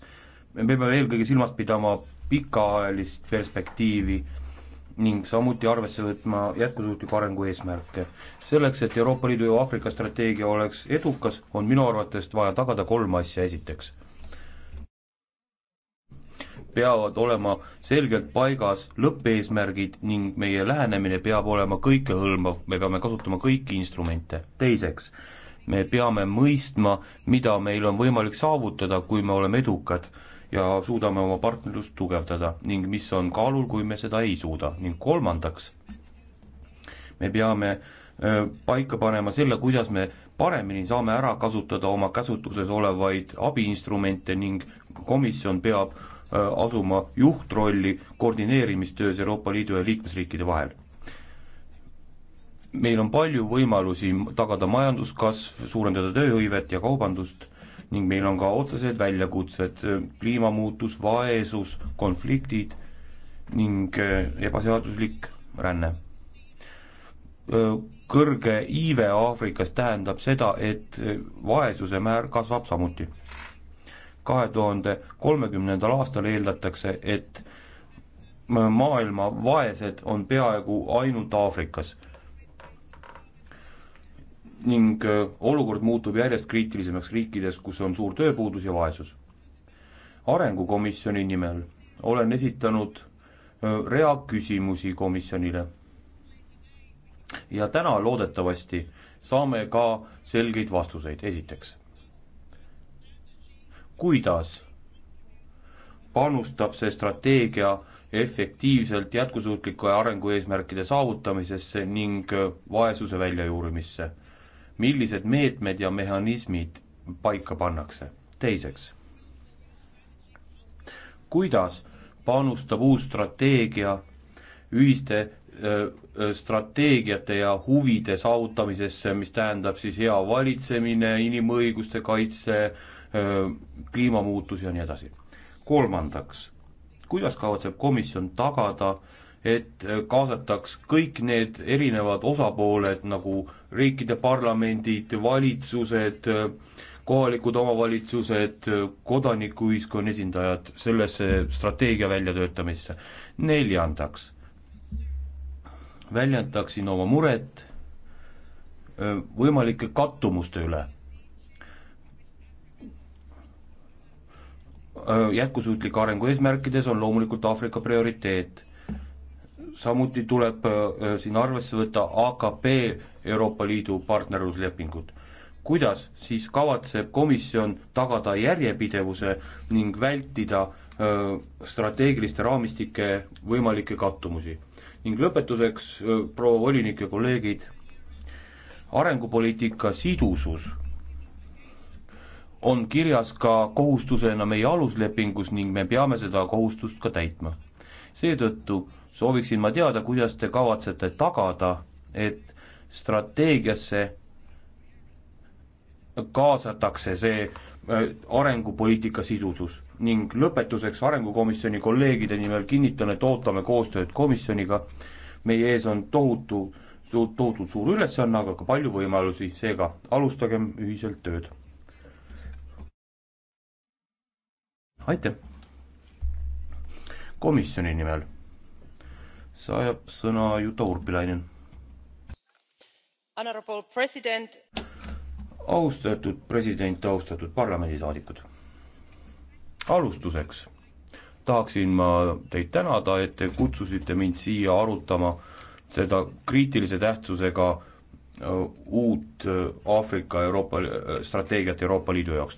me peame eelkõige silmas pidama pikaajalist perspektiivi ning samuti arvesse võtma jätkusuutliku arengu eesmärke. selleks, et Euroopa Liidu ja Aafrika strateegia oleks edukas, on minu arvates vaja tagada kolm asja, esiteks peavad olema selgelt paigas lõppeesmärgid ning meie lähenemine peab olema kõikehõlmav, me peame kasutama kõiki instrumente. teiseks, me peame mõistma, mida meil on võimalik saavutada, kui me oleme edukad ja suudame oma partnerlust tugevdada ning mis on kaalul, kui me seda ei suuda ning kolmandaks, me peame paika panema selle, kuidas me paremini saame ära kasutada oma käsutuses olevaid abiinstrumente ning komisjon peab asuma juhtrolli koordineerimistöös Euroopa Liidu ja liikmesriikide vahel. meil on palju võimalusi tagada majanduskasv, suurendada tööhõivet ja kaubandust ning meil on ka otsesed väljakutsed, kliimamuutus, vaesus, konfliktid ning äh, ebaseaduslik ränne. Äh, kõrge iive Aafrikas tähendab seda, et äh, vaesuse määr kasvab samuti. kahe tuhande kolmekümnendal aastal eeldatakse, et maailma vaesed on peaaegu ainult Aafrikas ning äh, olukord muutub järjest kriitilisemaks riikides, kus on suur tööpuudus ja vaesus. arengukomisjoni nimel olen esitanud äh, rea küsimusi komisjonile. ja täna loodetavasti saame ka selgeid vastuseid, esiteks. kuidas panustab see strateegia efektiivselt jätkusuutliku arengu eesmärkide saavutamisesse ning äh, vaesuse väljajuurimisse? millised meetmed ja mehhanismid paika pannakse. teiseks, kuidas panustab uus strateegia ühiste strateegiate ja huvide saavutamisesse, mis tähendab siis hea valitsemine, inimõiguste kaitse, kliimamuutusi ja nii edasi. kolmandaks, kuidas kavatseb komisjon tagada äh, et kaasataks kõik need erinevad osapooled nagu riikide parlamendid, valitsused, kohalikud omavalitsused, kodanikuühiskonna esindajad sellesse strateegia väljatöötamisse. neljandaks, väljendaksin oma muret võimalike kattumuste üle jätkusuutliku arengu eesmärkides on loomulikult Aafrika prioriteet samuti tuleb äh, siin arvesse võtta AKP Euroopa Liidu partnerluslepingut. kuidas siis kavatseb komisjon tagada järjepidevuse ning vältida äh, strateegiliste raamistike võimalikke kattumusi? ning lõpetuseks, äh, proua volinik ja kolleegid, arengupoliitika sidusus on kirjas ka kohustusena meie aluslepingus ning me peame seda kohustust ka täitma. seetõttu sooviksin ma teada, kuidas te kavatsete tagada, et strateegiasse kaasatakse see äh, arengupoliitika sisusus ning lõpetuseks Arengukomisjoni kolleegide nimel kinnitan, et ootame koostööd komisjoniga. meie ees on tohutu, tohutult suur ülesanne, aga ka palju võimalusi, seega alustagem ühiselt tööd. aitäh! komisjoni nimel saab sõna Juta Urpilainen. austatud president, austatud parlamendisaadikud. alustuseks tahaksin ma teid tänada, et te kutsusite mind siia arutama seda kriitilise tähtsusega äh, uut äh, Aafrika Euroopa äh, strateegiat Euroopa Liidu jaoks.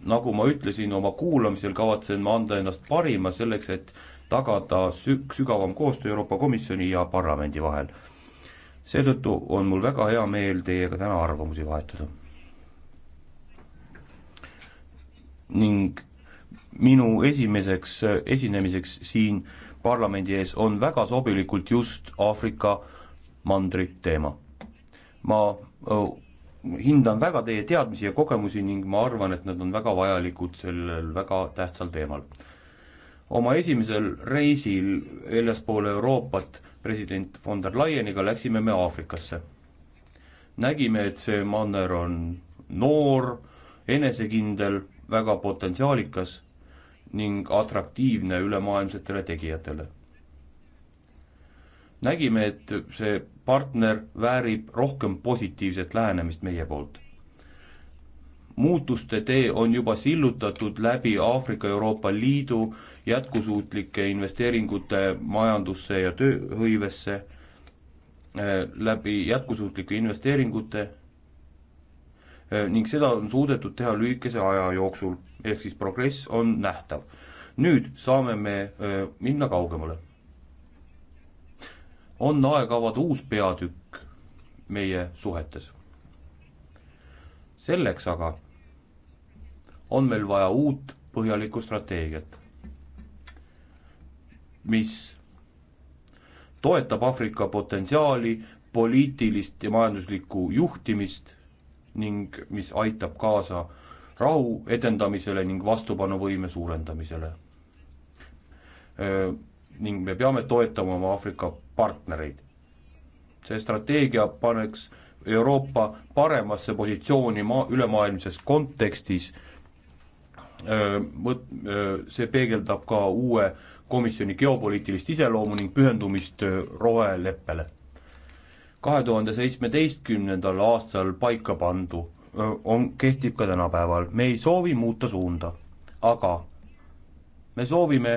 nagu ma ütlesin, oma kuulamisel kavatsen ma anda ennast parima selleks, et tagada sü-, sügavam koostöö Euroopa Komisjoni ja parlamendi vahel. seetõttu on mul väga hea meel teiega täna arvamusi vahetada. ning minu esimeseks esinemiseks siin parlamendi ees on väga sobilikult just Aafrika mandri teema. ma hindan väga teie teadmisi ja kogemusi ning ma arvan, et nad on väga vajalikud sellel väga tähtsal teemal oma esimesel reisil väljaspoole Euroopat president von der Leyeniga läksime me Aafrikasse. nägime, et see manner on noor, enesekindel, väga potentsiaalikas ning atraktiivne ülemaailmsetele tegijatele. nägime, et see partner väärib rohkem positiivset lähenemist meie poolt. muutuste tee on juba sillutatud läbi Aafrika Euroopa Liidu jätkusuutlike investeeringute majandusse ja tööhõivesse äh, läbi jätkusuutlike investeeringute äh, ning seda on suudetud teha lühikese aja jooksul, ehk siis progress on nähtav. nüüd saame me äh, minna kaugemale. on aeg avada uus peatükk meie suhetes. selleks aga on meil vaja uut põhjalikku strateegiat mis toetab Aafrika potentsiaali, poliitilist ja majanduslikku juhtimist ning mis aitab kaasa rahu edendamisele ning vastupanuvõime suurendamisele. ning me peame toetama oma Aafrika partnereid. see strateegia paneks Euroopa paremasse positsiooni maa, ülemaailmses kontekstis, see peegeldab ka uue komisjoni geopoliitilist iseloomu ning pühendumist roheleppele. kahe tuhande seitsmeteistkümnendal aastal paika pandu on, kehtib ka tänapäeval, me ei soovi muuta suunda, aga me soovime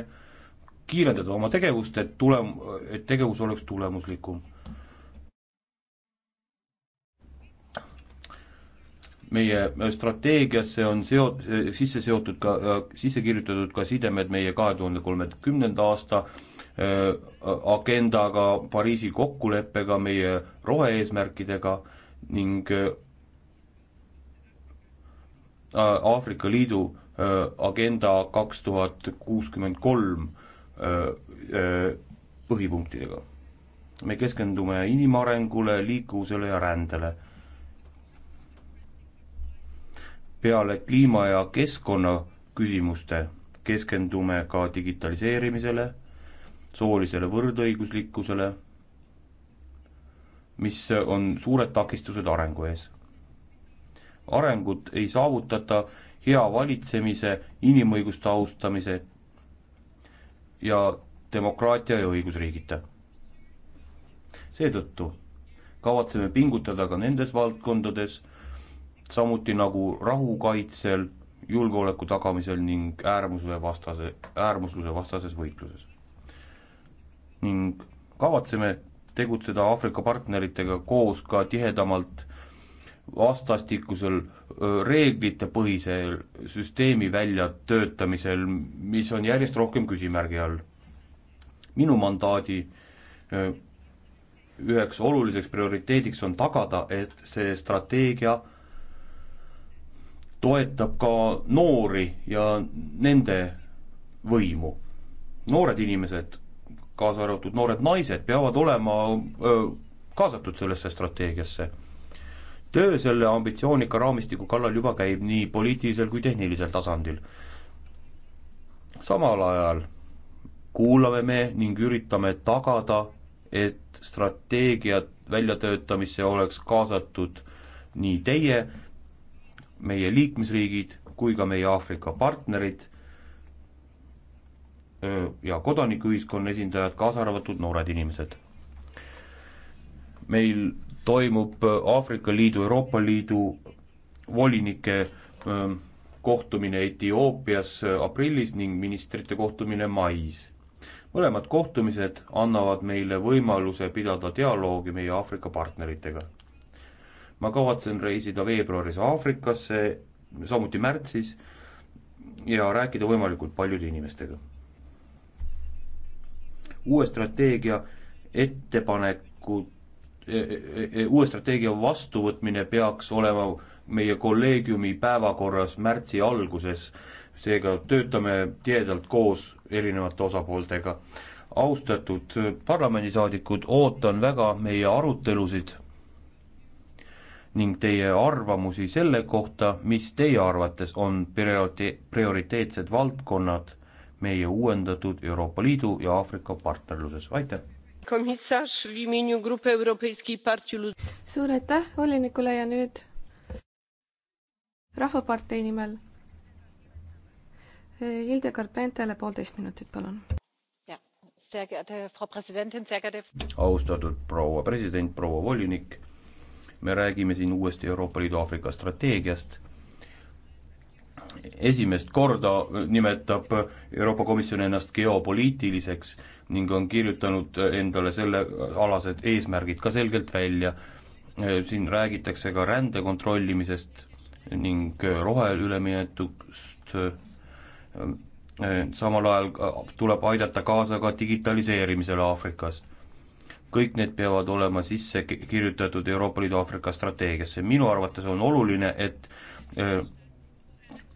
kiirendada oma tegevust, et tulem-, et tegevus oleks tulemuslikum meie strateegiasse on seo-, sisse seotud ka, sisse kirjutatud ka sidemed meie kahe tuhande kolmekümnenda aasta agendaga, Pariisi kokkuleppega, meie rohe-eesmärkidega ning Aafrika Liidu agenda kaks tuhat kuuskümmend kolm põhipunktidega. me keskendume inimarengule, liikuvusele ja rändele peale kliima- ja keskkonnaküsimuste keskendume ka digitaliseerimisele, soolisele võrdõiguslikkusele, mis on suured takistused arengu ees. arengut ei saavutata hea valitsemise, inimõiguste austamise ja demokraatia ja õigusriigita. seetõttu kavatseme pingutada ka nendes valdkondades samuti nagu rahukaitsel, julgeoleku tagamisel ning äärmusluse vastase, äärmusluse vastases võitluses. ning kavatseme tegutseda Aafrika partneritega koos ka tihedamalt vastastikusel reeglitepõhise süsteemi väljatöötamisel, mis on järjest rohkem küsimärgi all. minu mandaadi üheks oluliseks prioriteediks on tagada, et see strateegia toetab ka noori ja nende võimu. noored inimesed, kaasa arvatud noored naised, peavad olema öö, kaasatud sellesse strateegiasse. töö selle ambitsioonika raamistiku kallal juba käib nii poliitilisel kui tehnilisel tasandil. samal ajal kuulame me ning üritame tagada, et strateegiat väljatöötamisse oleks kaasatud nii teie, meie liikmesriigid kui ka meie Aafrika partnerid ja kodanikuühiskonna esindajad, kaasa arvatud noored inimesed. meil toimub Aafrika Liidu, Euroopa Liidu volinike kohtumine Etioopias aprillis ning ministrite kohtumine mais. mõlemad kohtumised annavad meile võimaluse pidada dialoogi meie Aafrika partneritega ma kavatsen reisida veebruaris Aafrikasse, samuti märtsis, ja rääkida võimalikult paljude inimestega. uue strateegia ettepanekud e, e, e, uue strateegia vastuvõtmine peaks olema meie kolleegiumi päevakorras märtsi alguses, seega töötame tihedalt koos erinevate osapooltega. austatud parlamendisaadikud, ootan väga meie arutelusid ning teie arvamusi selle kohta, mis teie arvates on priorite-, prioriteetsed valdkonnad meie uuendatud Euroopa Liidu ja Aafrika partnerluses, aitäh! suur aitäh volinikule ja nüüd Rahvapartei nimel Hildegard Bentele poolteist minutit, palun. austatud proua president, proua volinik me räägime siin uuesti Euroopa Liidu Aafrika strateegiast, esimest korda äh, nimetab Euroopa Komisjon ennast geopoliitiliseks ning on kirjutanud endale sellealased äh, eesmärgid ka selgelt välja. Äh, siin räägitakse ka rände kontrollimisest ning roheüleminekust, samal ajal tuleb aidata kaasa ka digitaliseerimisele Aafrikas kõik need peavad olema sisse kirjutatud Euroopa Liidu Aafrika strateegiasse, minu arvates on oluline, et äh,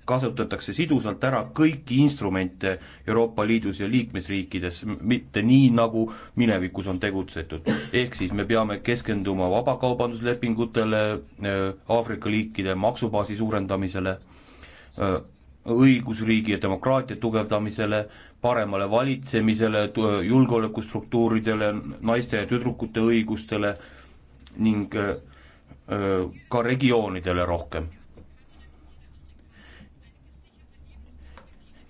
kasutatakse sidusalt ära kõiki instrumente Euroopa Liidus ja liikmesriikides, mitte nii, nagu minevikus on tegutsetud. ehk siis me peame keskenduma vabakaubanduslepingutele, äh, Aafrika liikide maksubaasi suurendamisele, äh, õigusriigi ja demokraatia tugevdamisele paremale valitsemisele, julgeolekustruktuuridele, naiste ja tüdrukute õigustele ning ka regioonidele rohkem.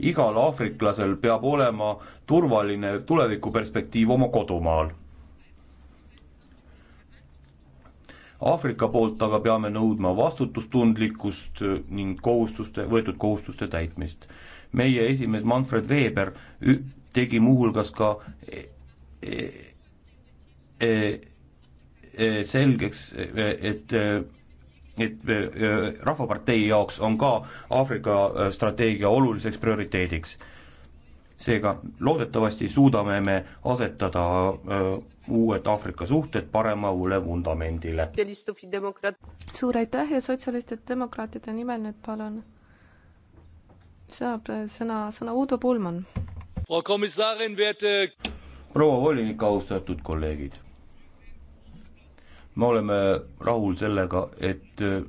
igal aafriklasel peab olema turvaline tulevikuperspektiiv oma kodumaal. Aafrika poolt aga peame nõudma vastutustundlikkust ning kohustuste, võetud kohustuste täitmist meie esimees Manfred Weber tegi muuhulgas ka e e e, e- selgeks, e-, et et e-, Rahvapartei jaoks on ka Aafrika strateegia oluliseks prioriteediks. seega loodetavasti suudame me asetada uued Aafrika suhted paremale vundamendile. suur aitäh ja sotsialistide demokraatide nimel nüüd palun saab äh, sõna, sõna Uudo Pulman. proua volinik, austatud kolleegid. me oleme rahul sellega, et äh,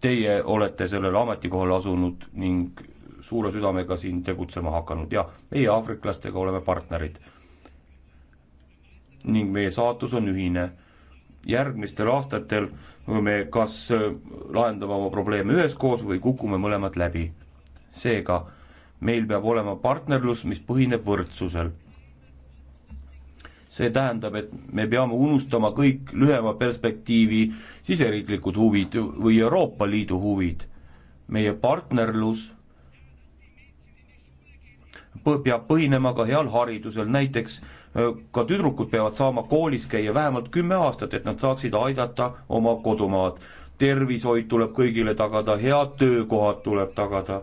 teie olete sellele ametikohale asunud ning suure südamega siin tegutsema hakanud ja meie aafriklastega oleme partnerid. ning meie saatus on ühine järgmistel aastatel me kas äh, lahendame oma probleeme üheskoos või kukume mõlemad läbi. seega, meil peab olema partnerlus, mis põhineb võrdsusel. see tähendab, et me peame unustama kõik lühema perspektiivi siseriiklikud huvid või Euroopa Liidu huvid. meie partnerlus peab põhinema ka heal haridusel, näiteks ka tüdrukud peavad saama koolis käia vähemalt kümme aastat, et nad saaksid aidata oma kodumaad. tervishoid tuleb kõigile tagada, head töökohad tuleb tagada,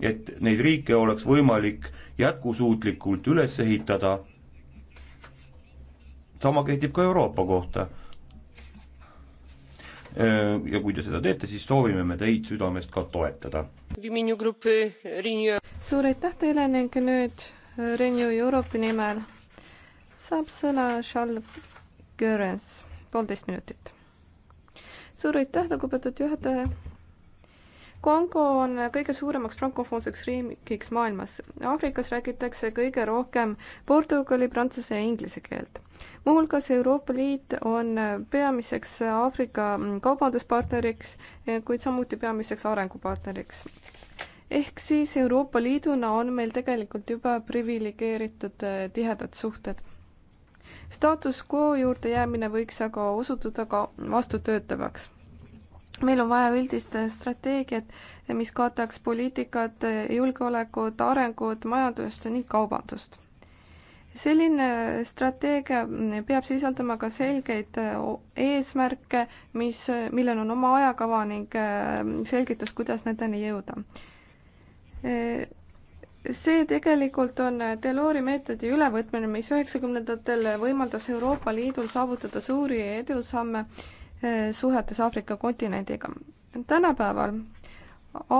et neid riike oleks võimalik jätkusuutlikult üles ehitada. sama kehtib ka Euroopa kohta. ja kui te seda teete, siis soovime me teid südamest ka toetada. suur aitäh teile ning nüüd Renew Europe'i nimel saab sõna Charles Görens, poolteist minutit. suur aitäh, lugupeetud juhataja Kongo on kõige suuremaks frankofoonseks riigiks maailmas. Aafrikas räägitakse kõige rohkem portugali, prantsuse ja inglise keelt. muuhulgas Euroopa Liit on peamiseks Aafrika kaubanduspartneriks, kuid samuti peamiseks arengupartneriks. ehk siis Euroopa Liiduna on meil tegelikult juba priviligeeritud tihedad suhted staatus quo juurde jäämine võiks aga osutuda ka vastutöötavaks. meil on vaja üldist strateegiat, mis kataks poliitikat, julgeolekut, arengut, majandust ning kaubandust selline strateegia peab sisaldama ka selgeid eesmärke, mis, millel on oma ajakava ning selgitus, kuidas nendeni jõuda see tegelikult on Delori meetodi ülevõtmine, mis üheksakümnendatel võimaldas Euroopa Liidul saavutada suuri edusamme eh, suhetes Aafrika kontinendiga. tänapäeval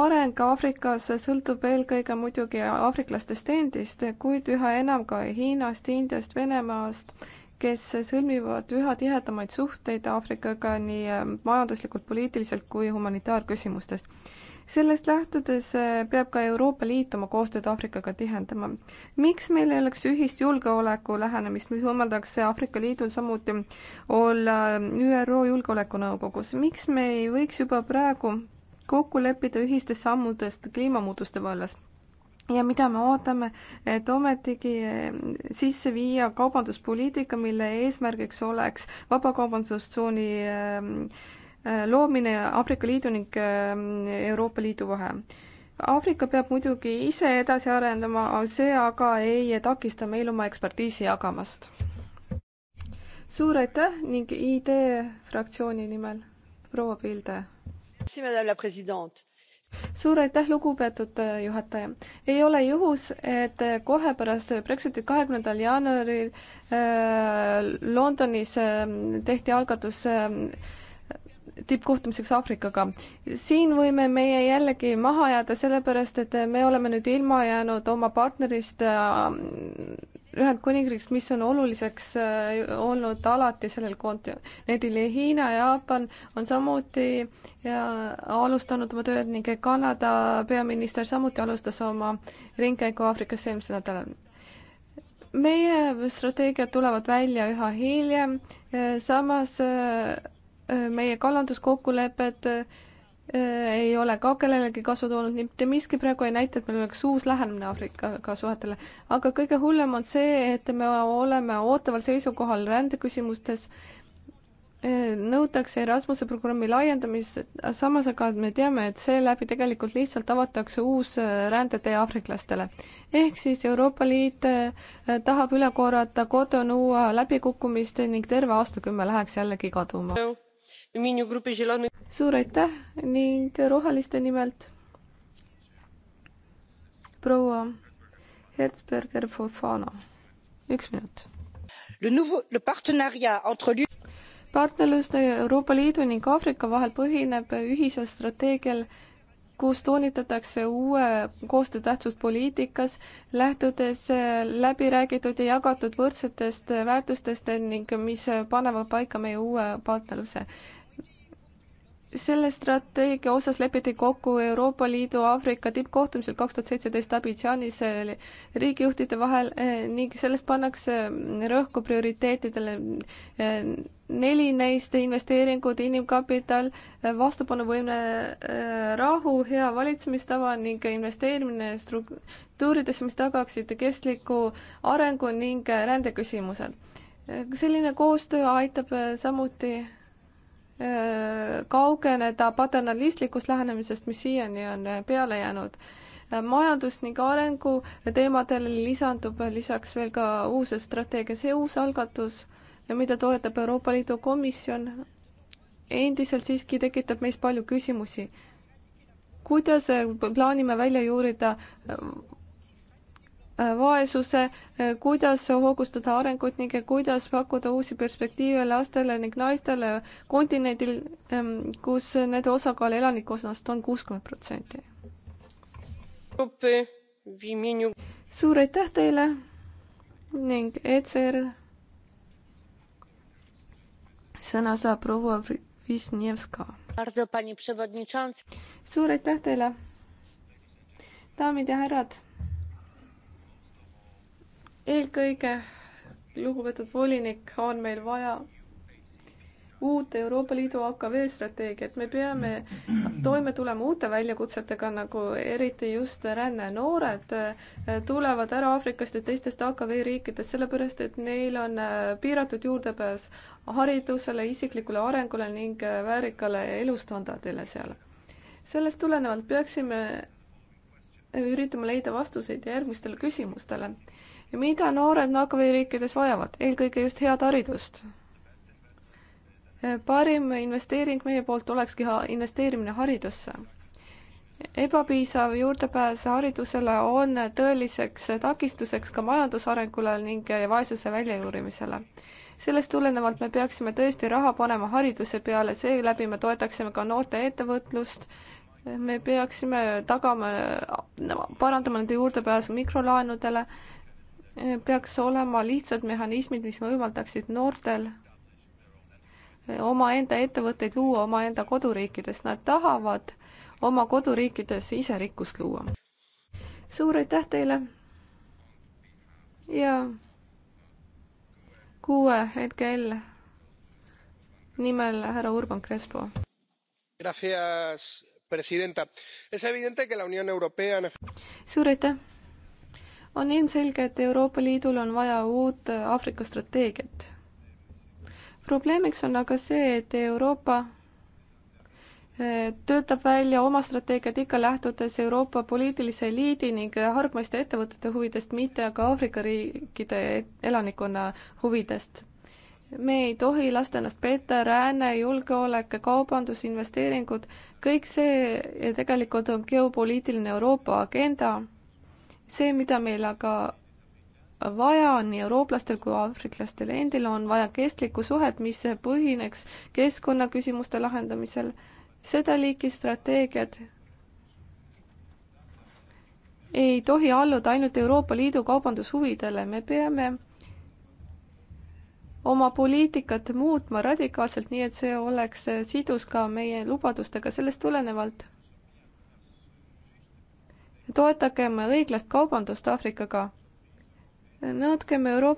areng Aafrikas sõltub eelkõige muidugi aafriklastest endist, kuid üha enam ka Hiinast, Indiast, Venemaast, kes sõlmivad üha tihedamaid suhteid Aafrikaga nii eh, majanduslikult, poliitiliselt kui humanitaarküsimustes sellest lähtudes äh, peab ka Euroopa Liit oma koostööd Aafrikaga tihendama. miks meil ei oleks ühist julgeoleku lähenemist, mis võimaldaks Aafrika Liidul samuti olla äh, ÜRO Julgeolekunõukogus, miks me ei võiks juba praegu kokku leppida ühistest sammudest kliimamuutuste vallas? ja mida me ootame, et ometigi äh, sisse viia kaubanduspoliitika, mille eesmärgiks oleks vabakaubandustsooni äh, Äh, loomine Aafrika Liidu ning ähm, Euroopa Liidu vahel. Aafrika peab muidugi ise edasi arendama, see aga ei takista meil oma ekspertiisi jagamast. suur aitäh ning ID fraktsiooni nimel proua Pilde. suur aitäh, lugupeetud äh, juhataja. ei ole juhus, et äh, kohe pärast Brexitit kahekümnendal jaanuaril äh, Londonis äh, tehti algatus äh, tippkohtumiseks Aafrikaga. siin võime meie jällegi maha jääda, sellepärast et me oleme nüüd ilma jäänud oma partnerist äh, Ühendkuningriigist, mis on oluliseks äh, olnud alati sellel kontinendil ja Hiina, Jaapan on samuti ja äh, alustanud oma tööd ning Kanada peaminister samuti alustas oma ringkäigu Aafrikas eelmisel nädalal meie strateegiad tulevad välja üha hiljem, samas meie kalanduskokkulepped äh, ei ole ka kellelegi kasu toonud, mitte miski praegu ei näita, et meil oleks uus lähenemine Aafrikaga suhetele. aga kõige hullem on see, et me oleme ootaval seisukohal rändeküsimustes, äh, nõutakse Erasmuse programmi laiendamist, samas aga me teame, et seeläbi tegelikult lihtsalt avatakse uus äh, rändetee aafriklastele. ehk siis Euroopa Liit tahab üle korrata Cotonou läbikukkumist ning terve aastakümme läheks jällegi kaduma no suur aitäh ning roheliste nimelt proua Herzberger Fofana, üks minut. partnerlus Euroopa Liidu ning Aafrika vahel põhineb ühisel strateegial kus toonitatakse uue koostöö tähtsust poliitikas, lähtudes läbiräägitud ja jagatud võrdsetest väärtustest ning mis panevad paika meie uue partnerluse selle strateegia osas lepiti kokku Euroopa Liidu Aafrika tippkohtumisel kaks tuhat seitseteist Abidžanis eh, riigijuhtide vahel eh, ning sellest pannakse eh, rõhku prioriteetidele. neli neist investeeringud, inimkapital, vastupanuvõime, rahu, hea valitsemistava ning investeerimine struktuuridesse, mis tagaksid kestliku arengu ning rändeküsimused. selline koostöö aitab samuti kaugeneda paternalistlikust lähenemisest, mis siiani on peale jäänud. majandus ning arengu teemadele lisandub lisaks veel ka uus strateegia, see uus algatus, mida toetab Euroopa Liidu Komisjon, endiselt siiski tekitab meis palju küsimusi. kuidas plaanime välja juurida Äh, vaesuse, äh, kuidas hoogustada arengut ning kuidas pakkuda uusi perspektiive lastele ning naistele kontinendil, ähm, kus nende osakaal elanikkonnast on kuuskümmend protsenti. suur aitäh teile ning ECR sõna saab proua Visnjevska. suur aitäh teile, daamid ja härrad eelkõige, lugupeetud volinik, on meil vaja uut Euroopa Liidu AKV strateegiat, me peame toime tulema uute väljakutsetega, nagu eriti just ränne. noored äh, tulevad ära Aafrikast ja teistest AKV riikidest, sellepärast et neil on äh, piiratud juurdepääs haridusele, isiklikule arengule ning äh, väärikale elustandardile seal. sellest tulenevalt peaksime üritama leida vastuseid järgmistele küsimustele mida noored NAKV riikides vajavad? eelkõige just head haridust. parim investeering meie poolt olekski investeerimine haridusse ebapiisav juurdepääs haridusele on tõeliseks takistuseks ka majandusarengule ning vaesuse väljajuurimisele. sellest tulenevalt me peaksime tõesti raha panema hariduse peale, seeläbi me toetaksime ka noorte ettevõtlust, me peaksime tagama, parandama nende juurdepääsu mikrolaenudele peaks olema lihtsad mehhanismid, mis võimaldaksid noortel omaenda ettevõtteid luua omaenda koduriikides, nad tahavad oma koduriikides ise rikkust luua. suur aitäh teile ja kuue hetkel nimel härra Urban Crespo. suur aitäh on ilmselge, et Euroopa Liidul on vaja uut Aafrika strateegiat. probleemiks on aga see, et Euroopa eh, töötab välja oma strateegiat ikka lähtudes Euroopa poliitilise eliidi ning hargmaiste ettevõtete huvidest, mitte aga Aafrika riikide elanikkonna huvidest. me ei tohi lasta ennast petta, ränne, julgeolek, kaubandus, investeeringud, kõik see tegelikult on geopoliitiline Euroopa agenda see, mida meil aga vaja on nii eurooplastel kui aafriklastel endil, on vaja kestlikku suhet, mis põhineks keskkonnaküsimuste lahendamisel, seda liiki strateegiad ei tohi alluda ainult Euroopa Liidu kaubandushuvidele, me peame oma poliitikat muutma radikaalselt, nii et see oleks sidus ka meie lubadustega, sellest tulenevalt toetagem õiglast kaubandust Aafrikaga. nõudkem Euroopa